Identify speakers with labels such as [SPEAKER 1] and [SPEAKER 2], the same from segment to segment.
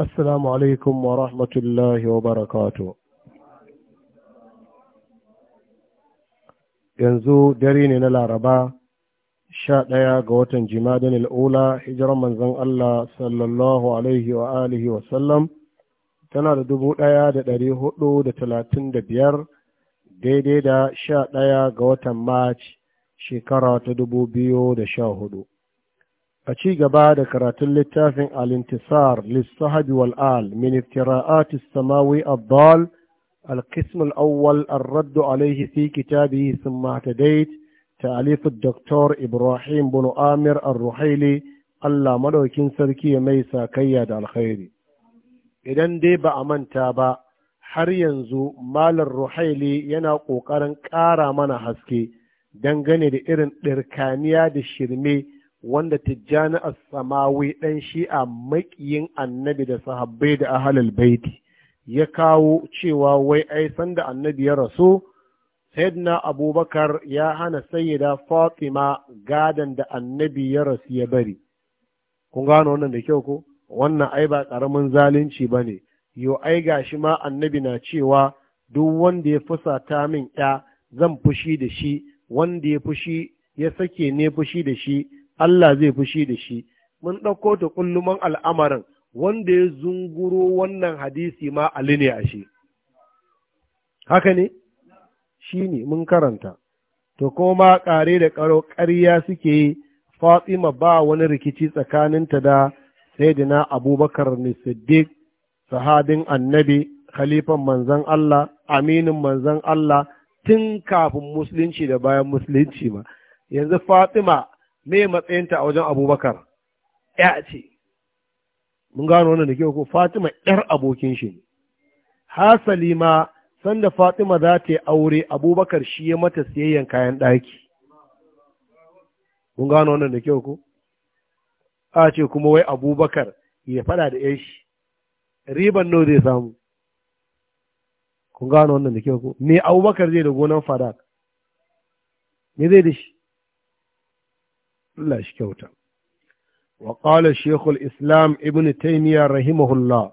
[SPEAKER 1] السلام wa ورحمة wa وبركاته yanzu dare ne na laraba sha ɗaya ga watan jimadin al'ula hijirar manzon Allah sallallahu tana da dubu ɗaya da ɗari hudu da talatin da biyar daidai da sha ɗaya ga watan Mac shekara ta dubu biyu da sha hudu a ci gaba da karatun littafin al-intisar lissahabi wal’al min iftira’at samawi abdal al-kismul awwal an raddu alaihi fi kitabi sun mata dai ta alifu doktor ibrahim bin amir an ruhaili Allah maɗaukin sarki ya mai sa da alkhairi idan dai ba a manta ba har yanzu malam ruhaili yana ƙoƙarin ƙara mana haske dangane da irin ɗirkaniya da shirme wanda tijjani as-samawi dan shi'a maƙiyin annabi da sahabbai da ahlul baiti ya kawo cewa wai ai sanda annabi ya rasu sayyidina abubakar ya hana sayyida fatima gadan da annabi ya rasu ya bari kun gano wannan da kyau ko wannan ai ba karamin zalunci ba ne. yo ai ga shi ma annabi na cewa duk wanda ya fusata min ya zan fushi da shi wanda ya fushi ya sake ne fushi da shi Allah zai fushi da shi mun ɗauko ta kulluman al'amarin wanda ya zunguro wannan hadisi ma Ali ne a shi haka ne shi ne mun karanta to kuma ƙare da ƙaro ƙarya suke yi Fatima ba wani rikici tsakaninta da Sayyidina Abubakar ne sahadin sahabin annabi khalifan manzan Allah aminin manzan Allah tun kafin musulunci da bayan musulunci ma yanzu Fatima me matsayinta a wajen abubakar ya ce mun gano wannan da kyau ko fatima yar abokin shi ne hasali ma sanda fatima za ta yi aure abubakar shi ya mata siyayyan kayan ɗaki mun gano wannan da kyau ko a ce kuma wai abubakar ya fada da yan shi riban nawa zai samu kun gano wannan da kyau ko me abubakar zai da gonan fada me zai da shi Allah shi kyauta wa ƙala shekul islam ibn taymiya rahimahullah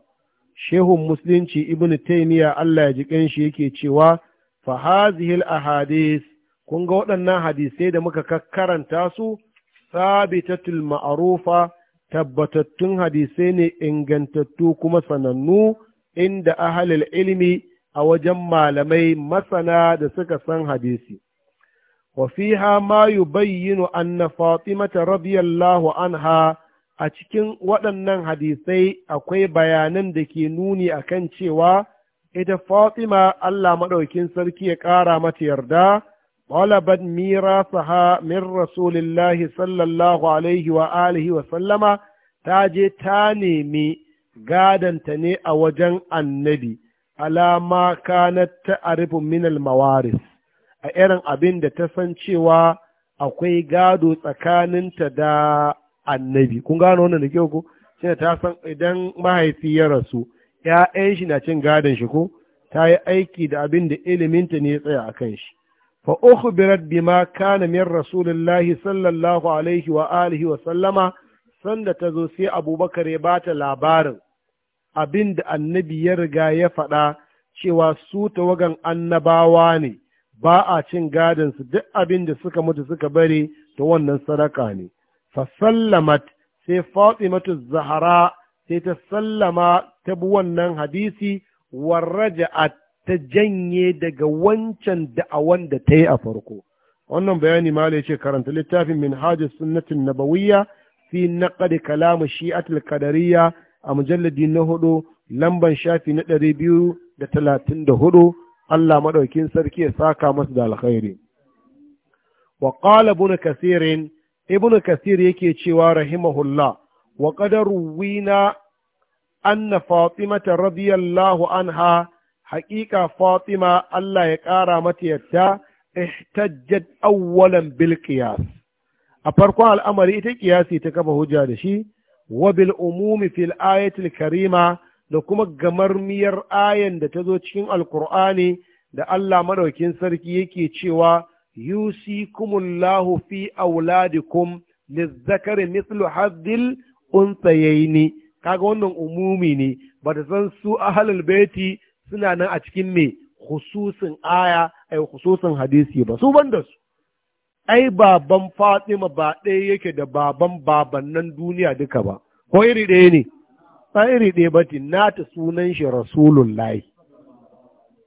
[SPEAKER 1] shehun musulunci ibn taymiya Allah ya ji shi yake cewa Fahazihil hadhihi kunga kun ga waɗannan hadisai da muka karanta su sabitatul maarufa, tabbatattun hadisai ne ingantattu kuma sanannu inda ahalil ilimi a wajen malamai masana da suka san hadisi وفيها ما يبين anna fatimata رضي anha a cikin waɗannan hadisai akwai bayanan da ke nuni akan cewa ita Fatima Allah maɗaukin sarki ya ƙara mata yarda, ɗalabat mirasaha min Rasulillahi sallallahu alaihi wa alihi wa sallama ta je ta nemi gadanta ne a wajen annabi, alama kanat ta arifin minal mawaris. a irin abin da ta san cewa akwai gado tsakaninta da annabi kun gano wannan da kyau ko shine ta san idan mahaifi ya rasu ‘ya'yan shi na cin gadon shi ko ta yi aiki da abin da iliminta ne ya tsaya a kan shi fa bi ma kana min rasulillahi sallallahu alaihi wa alihi wa sallama sanda ta zo sai abubakar ya ba ta labarin abin da annabi ya riga ya faɗa cewa su tawagan annabawa ne ba a cin gadinsu duk abin da suka mutu suka bari ta wannan sadaka ne fasallamat sai fatimatu zahara sai ta sallama ta bi wannan hadisi warraja'at ta janye daga wancan da'awan da ta yi a farko wannan bayani ma ya ce karanta littafin min hajji sunnatin nabawiyya fi naqdi kalamu shi'atul qadariyya a mujalladi na hudu lamban shafi na ɗari biyu da talatin da hudu Allah maɗaukin sarki ya saka masu da alkhairi. Wa ƙala Ibn Kasirin, Ibn Kasir yake cewa rahimahullah, wa ƙadaru wina anna Fatimata radiyallahu anha haƙiƙa Fatima Allah ya ƙara mata yadda ihtajjat awwalan bil qiyas. A farkon al'amari ita ƙiyasi ta kafa hujja da shi, wa bil umumi fil ayatil karima da kuma gamarmiyar ayan da ta zo cikin alkur'ani da Allah madaukin sarki yake cewa yusikumullahu fi auladikum lizzakari mithlu haddil unsayaini kaga wannan umumi ne ba ta san su ahlul baiti suna nan a cikin me khususin aya ai khususin hadisi ba su banda su ai baban Fatima ba ɗaya yake da baban babannan duniya duka ba ko iri ɗaya ne ba iri ɗaya ba nata sunan shi rasulullahi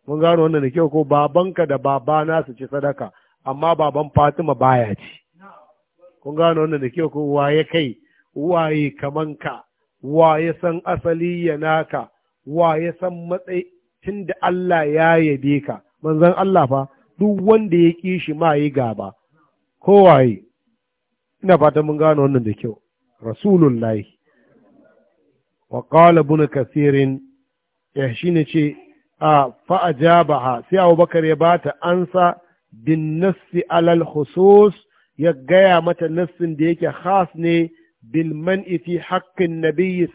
[SPEAKER 1] mun gano wannan da kyau ko babanka da babana su ci sadaka amma baban fatima baya ci kun gano wannan da kyau ko waye kai waye kaman ka waye san asali ya naka waye san matsayi tun da Allah ya yabe ka manzan Allah fa duk wanda ya ƙi shi ma yi gaba ko waye ina fatan mun gano wannan da kyau rasulullahi wa qala Kasirin kathir ya shine ce a fa sai abubakar ya bata ansa bin nassi alal khusus ya gaya mata nassin da yake khas ne bil man'i fi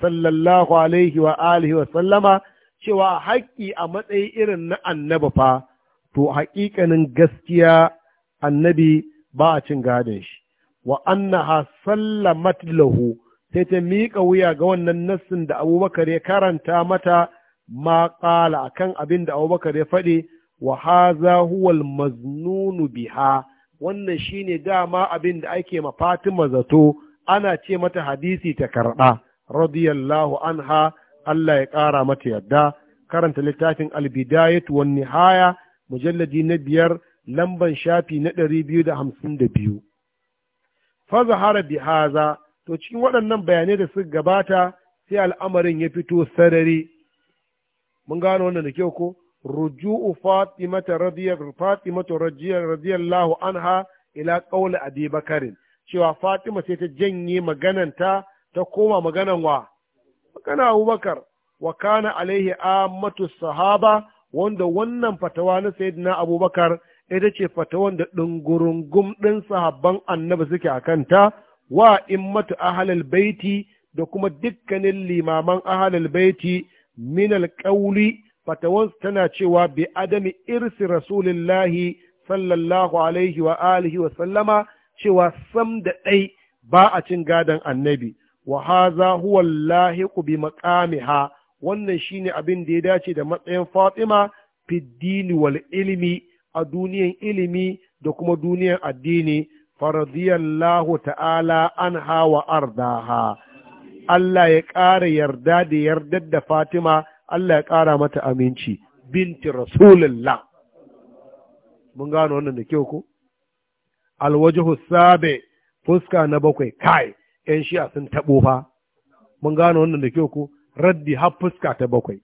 [SPEAKER 1] sallallahu alaihi wa alihi wa sallama cewa haƙƙi a matsayi irin na annabi fa to haƙiƙanin gaskiya annabi ba a cin gadon shi wa annaha sallamat lahu sai ta miƙa wuya ga wannan nassin da abubakar ya karanta mata ma ƙala kan abin da abubakar ya faɗi wa haza huwal maznunu biha wannan shine dama abin da ake ma Fatima zato ana ce mata hadisi ta karɓa radiyallahu anha Allah ya ƙara mata yadda karanta littafin albidayat wan nihaya mujalladi na biyar lamban shafi na ɗari biyu da hamsin da biyu fa zahara bihaza to cikin waɗannan bayanai da suka gabata sai al'amarin ya fito sarari mun gano wannan da kyau ko ruju'u fatimata radiyallahu fatimatu radiyallahu anha ila qawli abi bakarin cewa fatima sai ta janye magananta ta koma maganan wa magana abubakar wa kana alaihi Amatu sahaba wanda wannan fatawa na sayyidina abubakar ita ce fatawan da ɗungurungum ɗin sahabban annabi suke a kanta wa immatu ahalal baiti da kuma dukkanin limaman ahalal baiti min alqawli fatawar tana cewa bi adami irsi rasulillahi sallallahu alaihi wa alihi wa sallama cewa sam da ɗai ba a cin gadon annabi wa haza huwa lahiqu bi maqamiha wannan shine abin da ya dace da matsayin Fatima fi dini wal ilmi a duniyan ilimi da kuma duniyan addini faradiyallahu ta'ala anha wa ardaha Allah ya ƙara yarda da yardar da Fatima Allah ya ƙara mata aminci binti rasulullah mun gano wannan da kyau ko alwajhu sabe fuska na bakwai kai Ƴan shi'a sun tabo fa mun gano wannan da kyau ko raddi har fuska ta bakwai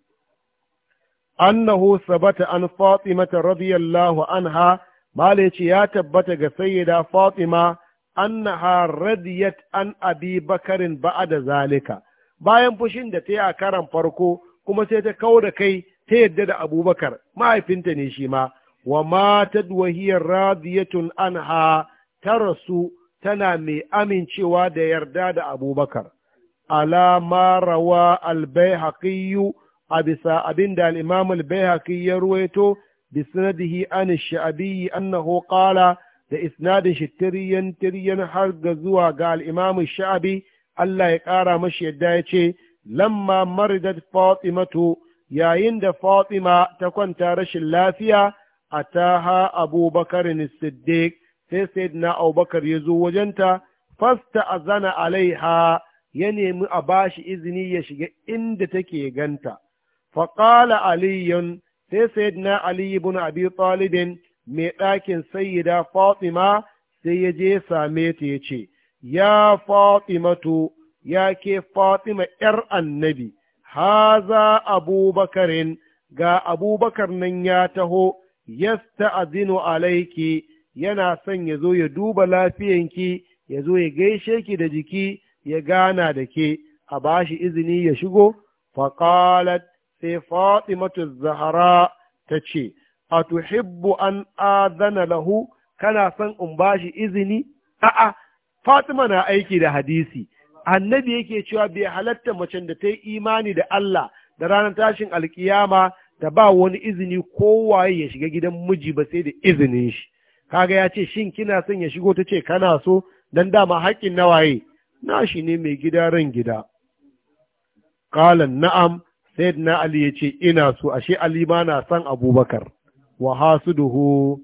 [SPEAKER 1] annahu sabata an fatimata radiyallahu anha Malai ce ya tabbata ga sayyida Fatima annaha radiyat an abi bakarin da zalika bayan fushin da ta yi a karan farko kuma sai ta kau da kai ta yadda da abubakar mahaifinta ne shi ma wa matat wahiyar radiyatun anha ta rasu tana mai amincewa da yarda da abubakar alama rawa albai haƙiyu a bisa abin da al'imam albai ya ruwaito بسنده عن الشعبي أنه قال لإسناد شتريا تريا حرق زوا قال الإمام الشعبي الله يقارى مشي الدايتي لما مرضت فاطمة yayin da Fatima ta kwanta rashin lafiya a taha abubakar siddiq sai na abubakar ya zo wajenta fasta azana alaiha ya nemi a bashi izini ya shiga inda take ganta faƙala aliyun sai sayyidina ali ibn abi Talib mai ɗakin sayyida fatima sai ya je same ta ya ce ya fatimatu ya ke fatima ‘yar annabi haza abubakarin ga abubakar nan ya taho yasta azinu alaiki yana son ya zo ya duba lafiyanki ya zo ya gaishe ki da jiki ya gana da ke a bashi izini ya shigo faƙalat sai fatimatu zahara ta ce a tuhibbu an azana lahu kana son in bashi izini a'a fatima na aiki da hadisi annabi yake cewa bai halatta macen da ta yi imani da Allah da ranar tashin alkiyama da ba wani izini kowaye ya shiga gidan miji ba sai da izinin shi kaga ya ce shin kina son ya shigo ta ce kana so dan dama haƙƙin nawaye na shi ne mai gida ran gida kalan na'am na ali ya ce ina so ashe ali ma na san abubakar wa hasuduhu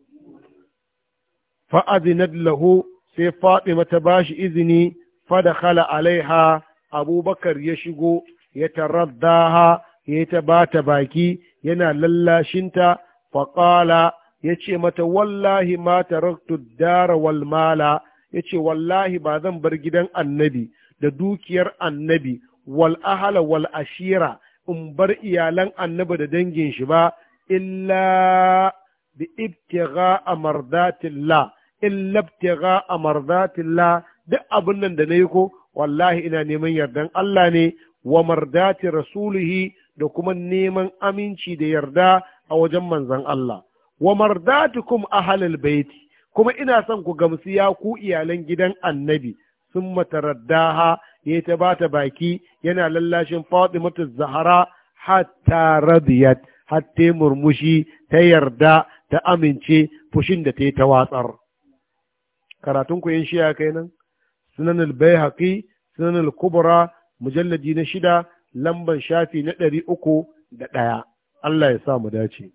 [SPEAKER 1] fa'azinat lahu sai fatima ta bashi izini fadakhala alaiha abubakar ya shigo ya taraddaha ya ta bata baki yana lallashinta faƙala ya ce mata wallahi ma taraktu dara wal mala ya ce wallahi ba zan bar gidan annabi da dukiyar annabi wal ahala wal ashira in bar iyalan annabi da dangin shi ba illa bi ibtigha amardatillah illa ibtigha amardatillah duk abin nan da nayi ko wallahi ina neman yardan Allah ne wa mardati rasulihi da kuma neman aminci da yarda a wajen manzon Allah wa mardatukum ahlal baiti kuma ina son ku gamsu ya ku iyalan gidan annabi sun mataraddaha ya ta ba ta baki yana lallashin Fatimatu Zahra hatta radiyat hatta murmushi ta yarda ta amince fushin da ta yi ta watsar karatun ku yin shiya nan sunan albai haƙi sunan al-kubra mujalladi na shida lamban shafi na ɗari uku da ɗaya Allah ya sa mu dace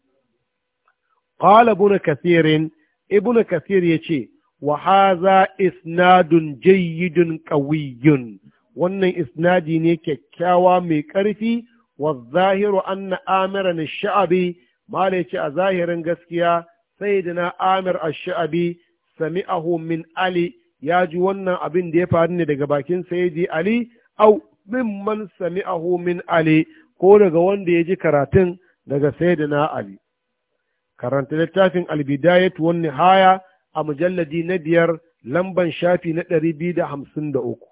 [SPEAKER 1] buna kasirin ibuna kasir ya yace wa haza isnadun jayyidun ƙawiyyun wannan isnadi ne kyakkyawa mai ƙarfi wa zahiru anna Amira na sha'abi. mala a zahirin gaskiya na amir ash-sha'bi sami'ahu min ali ya ji wannan abin da ya faru ne daga bakin sayyidi ali au mimman sami'ahu min ali ko daga wanda ya ji karatun daga na ali karanta littafin albidayat wan nihaya a mujalladi na biyar lamban shafi na ɗari biyu da hamsin da uku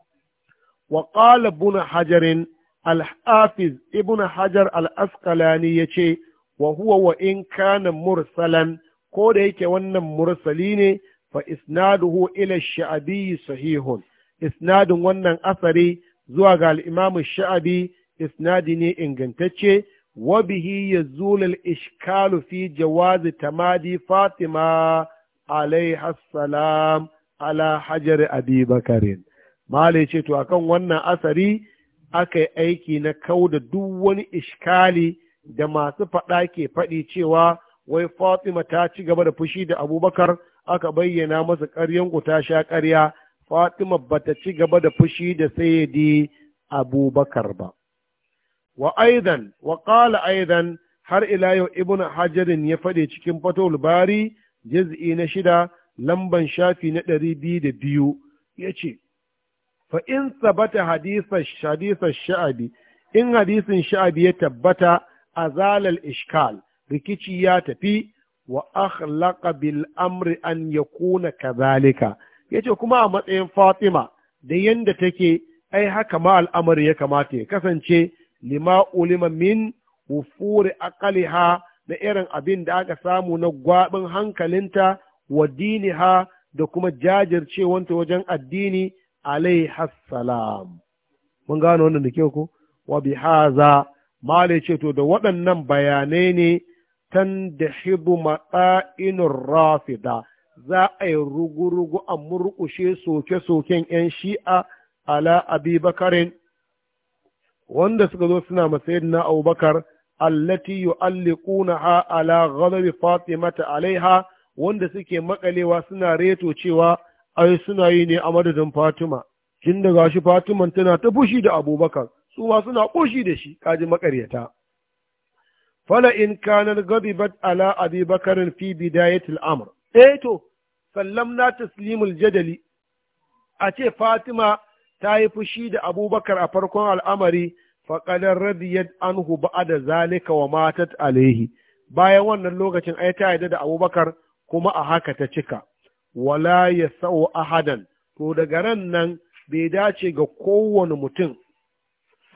[SPEAKER 1] Waƙala qala Hajarin hajar al-hafiz ibn hajar al-asqalani yace wa huwa wa in kana mursalan ko da yake wannan mursali ne fa isnaduhu ila sha'abi sahihun isnadin wannan asari zuwa ga al-imam sha'abi isnadi ne ingantacce wabihi bihi yazul al-ishkalu fi jawazi tamadi fatima alaiha salam ala Hajari abi Mala ce to akan wannan asari aka yi aiki na kau da duk wani ishkali da masu faɗa ke faɗi cewa wai Fatima ta ci gaba da fushi da Abubakar aka bayyana masa ƙaryan ku ta sha ƙarya Fatima ba ta ci gaba da fushi da sayyidi Abubakar ba. Wa aidan, wa ƙala aidan har ila yau Ibn Hajarin ya faɗi cikin Fatul Bari juz'i na shida lamban shafi na ɗari biyu da biyu ya ce, fa in sabata hadisa sha'abi in hadisin sha'abi ya tabbata azalal ishkal rikici ya tafi wa akhlaqa bil amri an yakuna kadhalika yace kuma a matsayin Fatima da yanda take ai haka ma al'amari ya kamata ya kasance lima ulima min wufuri aqaliha da irin abin da aka samu na gwabin hankalinta wa diniha da kuma jajircewanta wajen addini alaihassalam mun gano wannan da kyau ko wa haza male ce to da waɗannan bayanai ne tan da hibu matsa'inun rafida za a yi rugurugu a murƙushe soke-soken 'yan shi'a ala abi bakarin wanda suka zo suna masayin na abubakar allati ha ala ghadabi fatimata alaiha wanda suke makalewa suna reto cewa ai suna yi ne a madadin Fatima kin da gashi Fatima tana ta fushi da Abubakar su ma suna ƙoshi da shi kaji makaryata fala in kanar bat ala abi bakarin fi bidayatil amr eh to sallam na taslimul jadali a ce Fatima ta yi fushi da Abubakar a farkon al'amari faƙadar radiyat anhu da zalika wa matat alaihi bayan wannan lokacin ai ta yarda da Abubakar kuma a haka ta cika wala ya sa'o ahadan, to daga ran nan bai dace ga kowane mutum,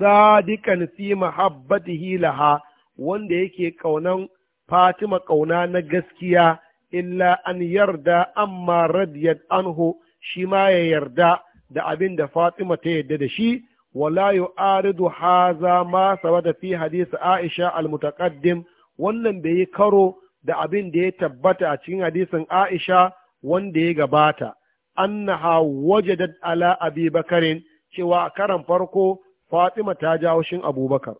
[SPEAKER 1] sadikan fi mahabbatihi hilaha wanda yake ƙaunan Fatima ƙauna na gaskiya, illa an yarda amma radiyat anhu shi ma ya yarda da abin da Fatima ta yarda da shi, wala aridu haza ma sabata fi hadisi Aisha al-mutaqaddim wannan bai yi karo da abin da ya tabbata a cikin hadisin Aisha wanda ya gabata annaha wajadat ala abi bakarin cewa a karan farko fatima ta jawo shin abubakar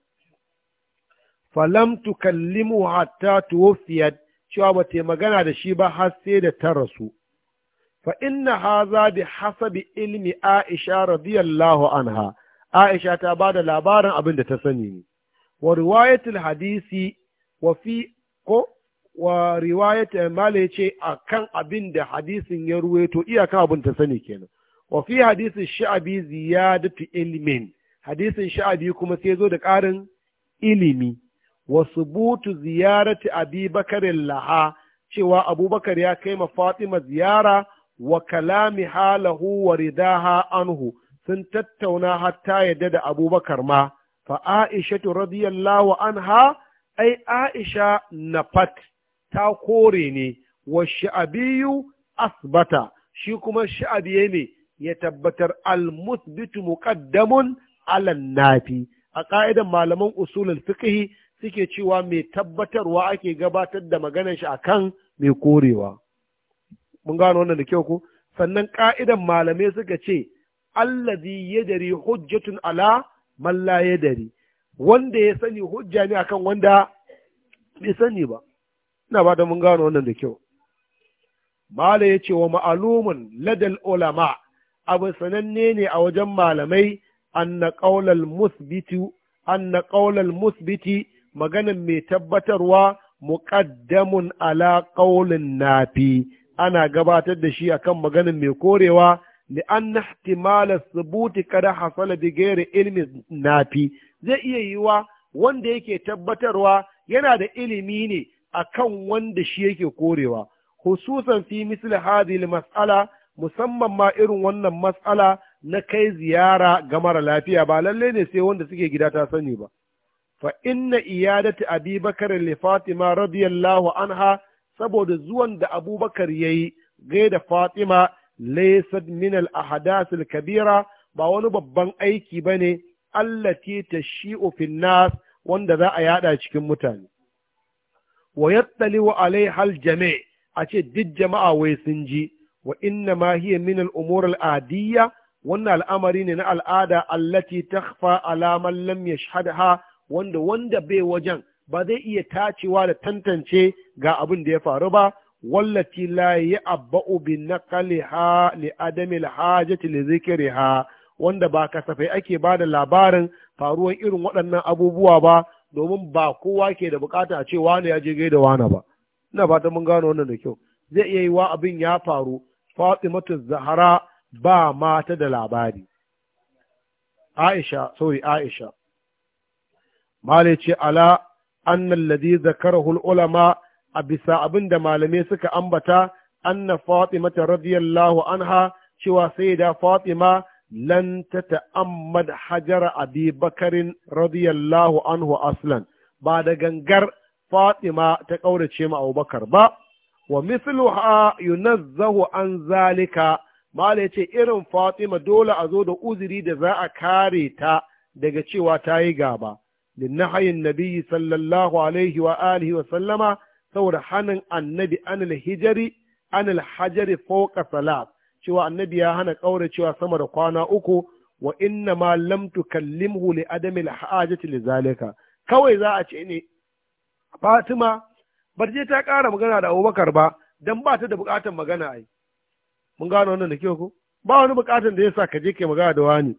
[SPEAKER 1] falam tukallimu hatta tuwfiyat cewa ba ta magana da shi ba har sai da ta rasu fa inna haza bi hasabi ilmi aisha radiyallahu anha aisha ta bada labarin abin da ta sani ne wa riwayatul hadisi wa fi ko wa riwayata mala ya ce a kan abin da hadisin ya ruweto iyakan abin ta sani kenan wa fi hadisin sha'abi ziyadatu ilmin hadisin sha'abi kuma sai zo da ƙarin ilimi wa subutu ziyarati abi bakarin laha cewa abubakar ya kai ma fatima ziyara wa kalami halahu wa ridaha anhu sun tattauna hatta yadda da abubakar ma fa aisha radiyallahu anha ai aisha na fat ta kore ne wa sha'abiyu asbata shi kuma sha'abiye ne ya tabbatar al-musbitu muqaddamun ala nafi a ka'idan malaman usulul fiqh suke cewa mai tabbatarwa ake gabatar da maganar shi akan mai korewa mun gano wannan da kyau ko sannan ka'idan malamai suka ce allazi yadari hujjatun ala man la yadari wanda ya sani hujja ne akan wanda bai sani ba ina ba da mun gano wannan da kyau Malam ya ce wa ma'alumin ladal ulama abu sananne ne a wajen malamai anna qaulal musbitu anna qaulal musbiti maganan mai tabbatarwa muƙaddamun ala qaulin nafi ana gabatar da shi akan maganan mai korewa li anna ihtimala thubuti kada hasala bi ghairi ilmi nafi zai iya yiwa wanda yake tabbatarwa yana da ilimi ne akan wanda shi yake korewa hususan fi misli hadhihi mas'ala musamman ma irin wannan mas'ala na kai ziyara ga mara lafiya ba lalle ne sai wanda suke gida ta sani ba fa inna iyadati abi bakar li fatima radiyallahu anha saboda zuwan da abubakar yayi gaida fatima laysat min al ahdath kabira ba wani babban aiki bane allati tashi'u fi nas wanda za a yada cikin mutane wa yattali wa alaiha aljami a ce duk jama'a wai sun ji wa inna ma hiya min adiyya wannan al'amari ne na al'ada allati takhfa ala man lam yashhadha wanda wanda bai wajen ba zai iya tacewa da tantance ga abin da ya faru ba wallati la ya'ba'u bi naqliha li adami al-hajati li dhikriha wanda ba kasafai ake ba da labarin faruwan irin waɗannan abubuwa ba domin ba kowa ke da bukata a ce wani ya je gai da wani ba ina fata mun gano wannan da kyau zai iya yi wa abin ya faru fatimatu zahara ba mata da labari aisha sorry aisha male ce ala annal ladhi zakarahu ulama a bisa abin da malamai suka ambata anna fatimata radiyallahu anha cewa sai da fatima lan ta ta'ammad hajara abi bakarin radiyallahu anhu aslan ba da gangar fatima ta ƙaurace ma abubakar ba wa mithluha yunazzahu an zalika mala yace irin fatima dole a zo da uziri da za a kare ta daga cewa ta yi gaba linnahayin nabiyyi sallallahu alaihi wa alihi wa sallama saboda hanin annabi anil hijari anil hajari fawqa salat cewa annabi ya hana cewa sama da kwana uku wa inna ma lam tukallimhu li adami al-hajati li zalika kawai za a ce ne Fatima bar je ta ƙara magana da Abubakar ba dan ba ta da buƙatar magana ai mun gano wannan da kyau ko ba wani buƙatar da yasa ka je kai magana da wani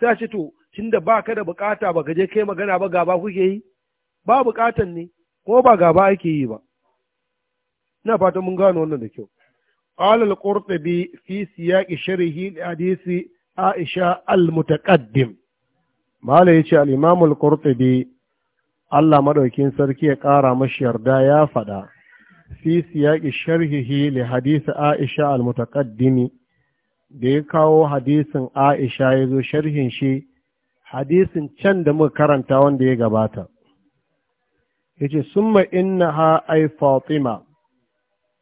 [SPEAKER 1] sai a ce to tunda ba ka da buƙata ba ka je kai magana ba gaba kuke yi ba buƙatan ne ko ba gaba ake yi ba ina fatan mun gano wannan da kyau قال القرطبي في سياق شره لحديث عائشة المتقدم ما يشاء الإمام القرطبي الله مدوكين سركي قارا مش يردا يا فدا في سياق شرحه لحديث عائشة المتقدم da ya kawo hadisin Aisha ya zo sharhin shi hadisin can da muka karanta wanda ya gabata.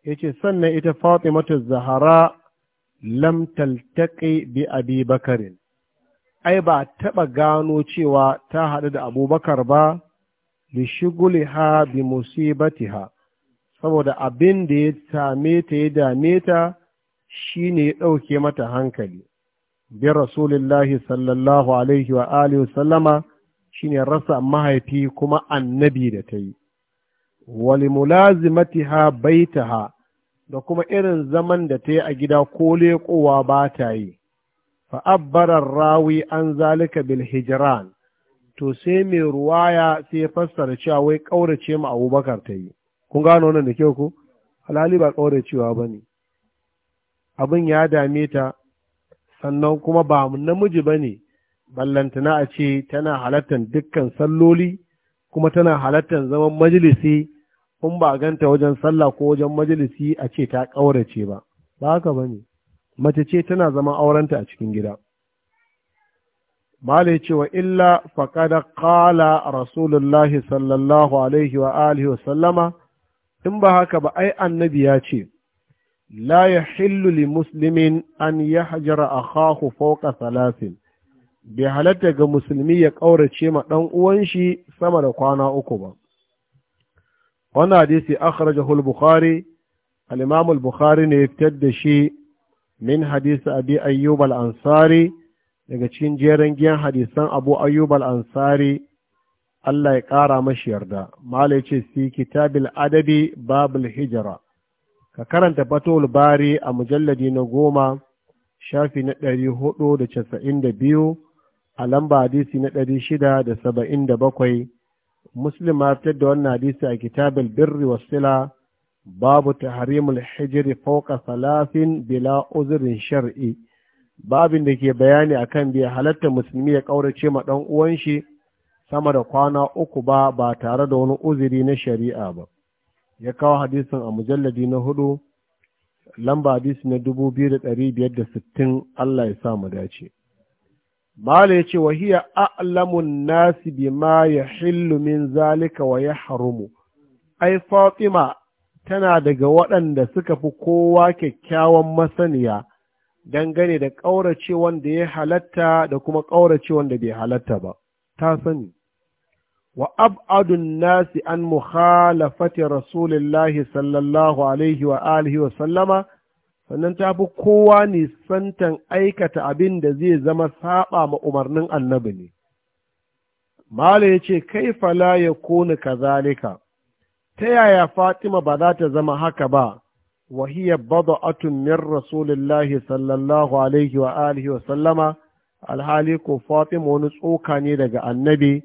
[SPEAKER 1] yace sannan ita Fatimatu Zahara lam taltaqi bi Abi Bakarin ai ba taɓa gano cewa ta haɗu da Abubakar ba li ha bi musibatiha saboda abin da ya same ta ya dame ta shine ya ɗauke mata hankali bi rasulillahi sallallahu alaihi wa alihi sallama shine rasa mahaifi kuma annabi da ta yi walimulazimatiha baitaha da kuma irin zaman da ta yi a gida ko leƙowa ba ta yi fa'abbarar rawi an zalika bil hijiran to sai mai ruwaya sai ya fassara cewa wai ƙaurace ma abubakar ta yi kun gano wannan da kyau ko alhali ba ƙauracewa ba ne abin ya dame ta sannan kuma ba mu namiji ba ne ballantana a ce tana halattan dukkan salloli kuma tana halattan zaman majalisi in ba ganta wajen sallah ko wajen majalisi a ce ta ƙaurace ba ba haka ba ne mace ce tana zama aurenta a cikin gida mala ce wa illa faƙada ƙala rasulullahi sallallahu alaihi wa alihi wa sallama in ba haka ba ai annabi ya ce la ya hillu li muslimin an ya hajjara a kahu fauka salasin bai halatta ga musulmi ya ƙaurace ma ɗan uwan shi sama da kwana uku ba wannan hadisi akhrajahu al-bukhari al-imam al-bukhari ne ya fitar da shi min hadisi abi ayyub al-ansari daga cikin jerin giyan hadisan abu ayyub al-ansari Allah ya ƙara mashi yarda malai ce si kitabil adabi babul hijra ka karanta fatul bari a mujalladi na goma shafi na ɗari hudu da casa'in da biyu a lamba hadisi na ɗari shida da saba'in da bakwai muslim ma fitar da wannan hadisi a kitabul birri wasila babu tahrimul hijri fawqa salasin bila uzrin shar'i babin da ke bayani akan bai halatta musulmi ya kaurace ma dan uwan shi sama da kwana uku ba ba tare da wani uzuri na shari'a ba ya kawo hadisin a mujalladi na hudu lamba hadisi na Allah ya sa mu dace mala ya ce wahiya a'lamun nasi bima ya hillu min zalika wa ya harumu ai fatima tana daga waɗanda suka fi kowa kyakkyawan masaniya dangane da ƙaurace wanda ya halatta da kuma ƙaurace wanda bai halatta ba ta sani wa ab'adun nasi an muhalafati rasulillahi sallallahu alaihi wa alihi wa sallama sannan ta fi kowa nisantan aikata abin da zai zama saba ma umarnin annabi ne. Mala ya ce, Kai fala ya kone ka zalika, ta yaya Fatima ba za ta zama haka ba, wahiyya bada atumin Rasulullahi sallallahu Alaihi wa alihi wa sallama, alhali ko Fatima wani tsoka ne daga annabi,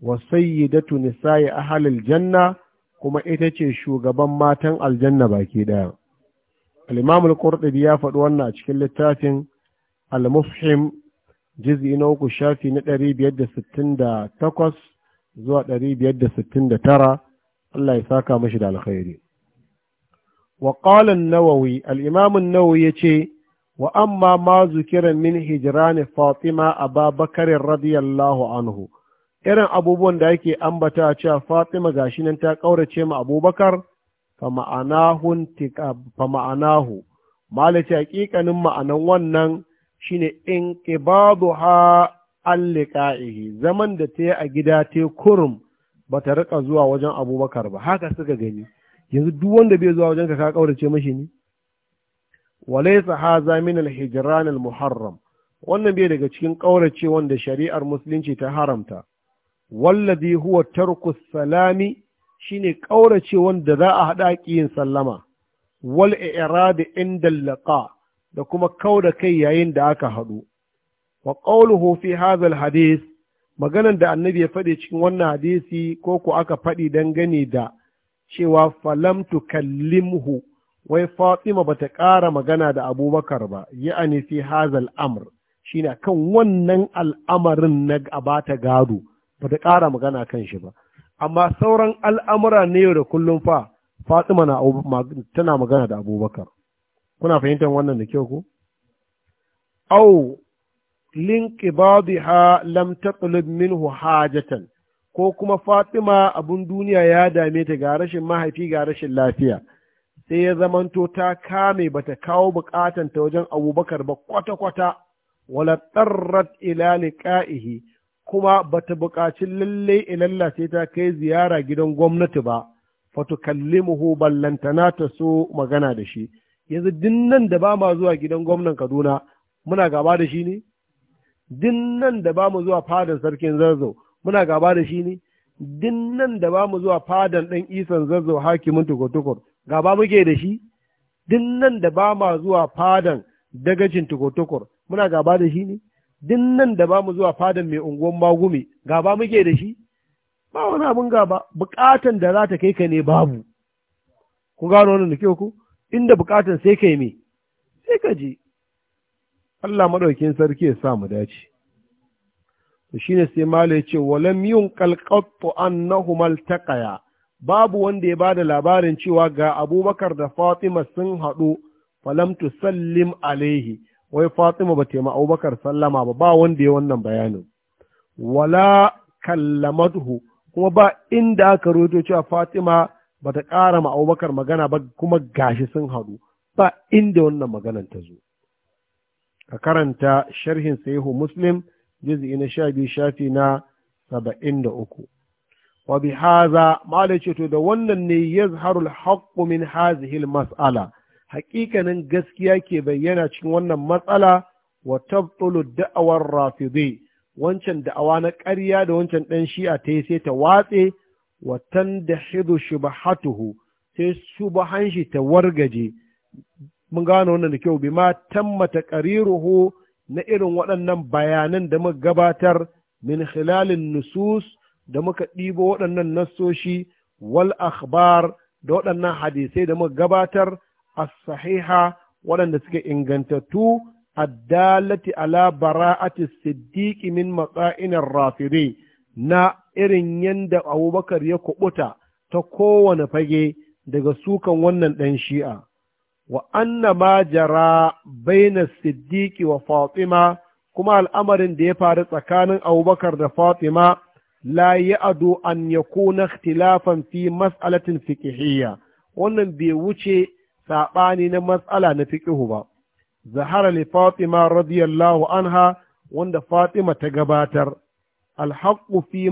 [SPEAKER 1] wa sayi da tunisa ya janna kuma ita ce shugaban matan aljanna baki ɗaya. al-imamul qurtubi ya faɗi wannan a cikin littafin al-mufhim juz'i na uku shafi na ɗari biyar da sittin da takwas zuwa ɗari biyar da sittin da tara Allah ya saka mashi da alkhairi wa nawawi al-imam an-nawawi yace wa amma ma zukira min hijira ne fatima ababakar radiyallahu anhu irin abubuwan da ake ambata cewa fatima gashi nan ta kaurace ma abubakar fama'anahu malaci hakikanin ma'anan wannan shine in ƙibadu ha zaman da ta yi a gida ta kurum ba ta rika zuwa wajen abubakar ba haka suka gani yanzu duk wanda bai zuwa wajen ka ka kaurace mashi ne walaysa haza min alhijran almuharram muharram wannan bai daga cikin kaurace wanda shari'ar musulunci ta haramta walladhi huwa tarku salami shine kaurace wanda za a hada kiyin sallama wal irada inda laqa da kuma kauda kai yayin da aka haɗu. wa qawluhu fi hadha al hadith maganan da annabi ya fade cikin wannan hadisi ko ko aka fadi dangane da cewa falam tukallimhu wai Fatima bata ƙara magana da Abubakar ba ya'ani fi hazal amr shine kan wannan al'amarin na gaba ta gado bata ƙara magana kan shi ba amma sauran al'amura ne yau da kullum fa fatima tana magana da abubakar kuna fahimtar wannan da kyau ko au ha lam taqlib minhu hajatan ko kuma fatima abun duniya ya dame ta ga rashin mahaifi ga rashin lafiya sai ya zamanto ta kame bata kawo bukatan ta wajen abubakar ba kwata-kwata wala tarrat ila liqa'ihi kuma ba ta buƙaci lalle ilalla sai ta kai ziyara gidan gwamnati ba fatu kallimuhu ballantana ta so magana da shi yanzu dinnan da ba ma zuwa gidan gwamnan Kaduna muna gaba da shi ne dinnan da ba mu zuwa fadan sarkin zazzau muna gaba da shi ne dinnan da ba mu zuwa fadan ɗan isan zazzau hakimin tukur-tukur gaba muke da shi dinnan da ba ma zuwa fadan dagacin tukur-tukur muna gaba da shi ne Din nan da ba mu zuwa fadan mai unguwan magume gaba muke da shi ba wani abin gaba bukatan da za ta kai ka ne babu ku gano wannan da ke ku inda bukatan sai kai me sai ka je Allah madaukin sarki ya sa mu dace to shine sai mala ya ce walam yun qalqatu annahuma altaqaya babu wanda ya bada labarin cewa ga Abubakar da Fatima sun haɗu falam tusallim alaihi wai Fatima ba ta Abubakar sallama ba ba wanda ya wannan bayanin wala kallamathu kuma ba inda aka rubuto cewa Fatima ba ta ƙara ma Abubakar magana ba kuma gashi sun haɗu ba inda wannan maganan ta zo ka karanta sharhin sahihu Muslim juz'i na sha shafi na saba'in da uku wa bi haza ce to da wannan ne yazharul haqqu min hazihi mas'ala haƙiƙanin gaskiya ke bayyana cikin wannan matsala wa tabtulu da'awar rafidai wancan da'awa na ƙarya da wancan ɗan shi'a ta yi sai ta watse wa tandahidu shubahatuhu sai shubahan shi ta wargaje mun gano wannan da kyau bima tammata qariruhu na irin waɗannan bayanan da muka gabatar min hilalin nusus da muka ɗibo waɗannan nassoshi wal akhbar da waɗannan hadisai da muka gabatar A sahiha waɗanda suka ingantattu addalati ala bara'ati siddiqi min matsa'inar rafiri na irin yanda abubakar ya kubuta ta kowane fage daga sukan wannan ɗan shi'a wa anna ma jara baina siddiqi wa fatima kuma al'amarin da ya faru tsakanin abubakar da fatima la ado an yakuna ikhtilafan fi mas'alatin fiqhiyya wannan bai wuce saɓani na matsala na fiƙihu ba zahara li fatima radiyallahu anha wanda fatima ta gabatar alhaqqu fi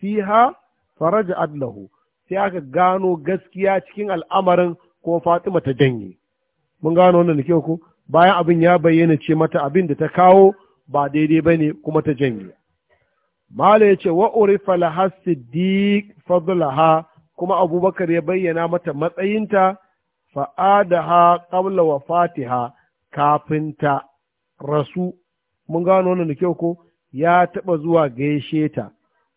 [SPEAKER 1] fiha faraja adlahu sai aka gano gaskiya cikin al'amarin ko fatima ta janye mun gano wannan kyau ko bayan abin ya bayyana ce mata abin da ta kawo ba daidai ba ne kuma ta janye mala ya ce wa urifa laha siddiq fadlaha kuma abubakar ya bayyana mata matsayinta fa'adaha qabla Fatiha kafin ta rasu mun gano wannan da kyau ko ya taɓa zuwa gaishe ta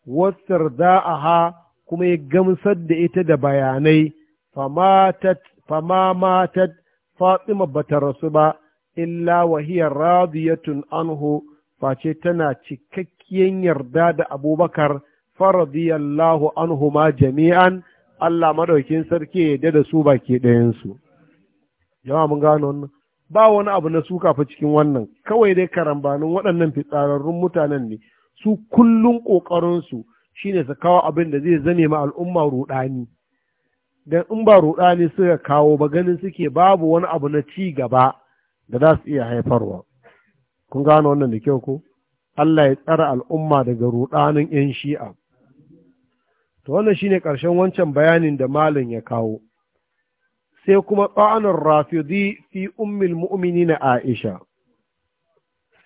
[SPEAKER 1] wasar ha kuma ya gamsar da ita da bayanai fama matat fatima bata rasu ba illa wahiyar radiyatun anhu face tana cikakkiyan yarda da abubakar faradiyallahu anhu ma jami'an Allah madaukin sarki ya yarda da su baki ɗayansu. Jama'a mun gano wannan. Ba wani abu na suka fa cikin wannan, kawai dai karambanin waɗannan fitsararrun mutanen ne, su kullum ƙoƙarinsu shi ne su kawo abin da zai zame ma al'umma ruɗani. Don in ba ruɗani suka kawo ba ganin suke babu wani abu na ci gaba da za su iya haifarwa. Kun gano wannan da kyau ko? Allah ya tsara al'umma daga ruɗanin ‘yan shi'a. to wannan shine ƙarshen wancan bayanin da Malam ya kawo sai kuma ta'anar rafidi fi ummil mu'minina Aisha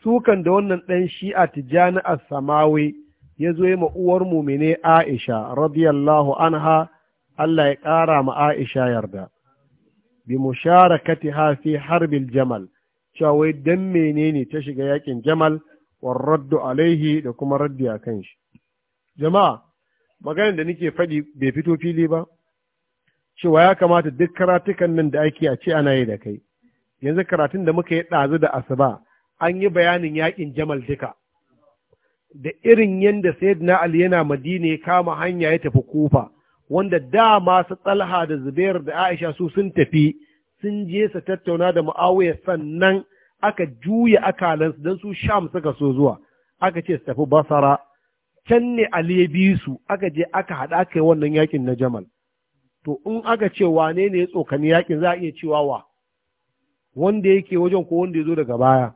[SPEAKER 1] sukan da wannan dan shi'a tijjani as-samawi ya zo ma uwar mumine Aisha radiyallahu anha Allah ya ƙara ma Aisha yarda bi musharakatiha fi harbil jamal cewa wai dan menene ta shiga yakin jamal war raddu alaihi da kuma raddi akan shi jama'a Maganin da nake faɗi bai fito fili ba cewa ya kamata duk karatukan nan da ake a ce ana yi da kai yanzu karatun da muka yi ɗazu da asuba an yi bayanin yakin jamal duka da irin yadda sayyidina ali yana madina ya kama hanya ya tafi kufa wanda da masu tsalha da zubair da aisha su sun tafi sun je su tattauna da mu'awiya sannan aka juya akalansu don su sham suka so zuwa aka ce su tafi basara can ne Ali ya bi su aka je aka haɗa kai wannan yakin na Jamal. To in aka ce wane ne ya tsokani yakin za a iya cewa wa wanda yake wajen ko wanda ya zo daga baya.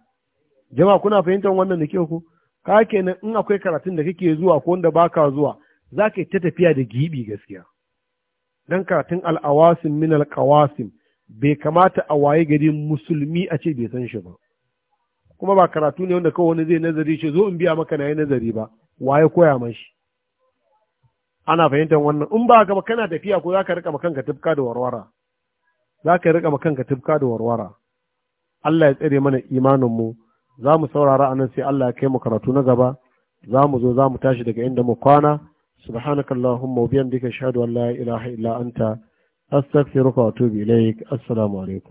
[SPEAKER 1] Jama kuna fahimtar wannan da ke ku? Ka kenan in akwai karatun da kake zuwa ko wanda baka zuwa za ka yi ta tafiya da gibi gaskiya. Dan karatun al'awasin min al'awasim bai kamata a waye gari musulmi a ce bai san shi ba. Kuma ba karatu ne wanda kawai wani zai nazari ce zo in biya maka na yi nazari ba. waye koya mashi ana fahimtar wannan in ba ka ba kana tafiya ko za ka rika kanka tufka da warwara za ka rika kanka tufka da warwara Allah ya tsare mana imanin mu za mu saurara anan sai Allah ya kai mu karatu na gaba za mu zo za mu tashi daga inda mu kwana سبحانك اللهم وبحمدك اشهد ان لا اله الا انت استغفرك واتوب اليك السلام عليكم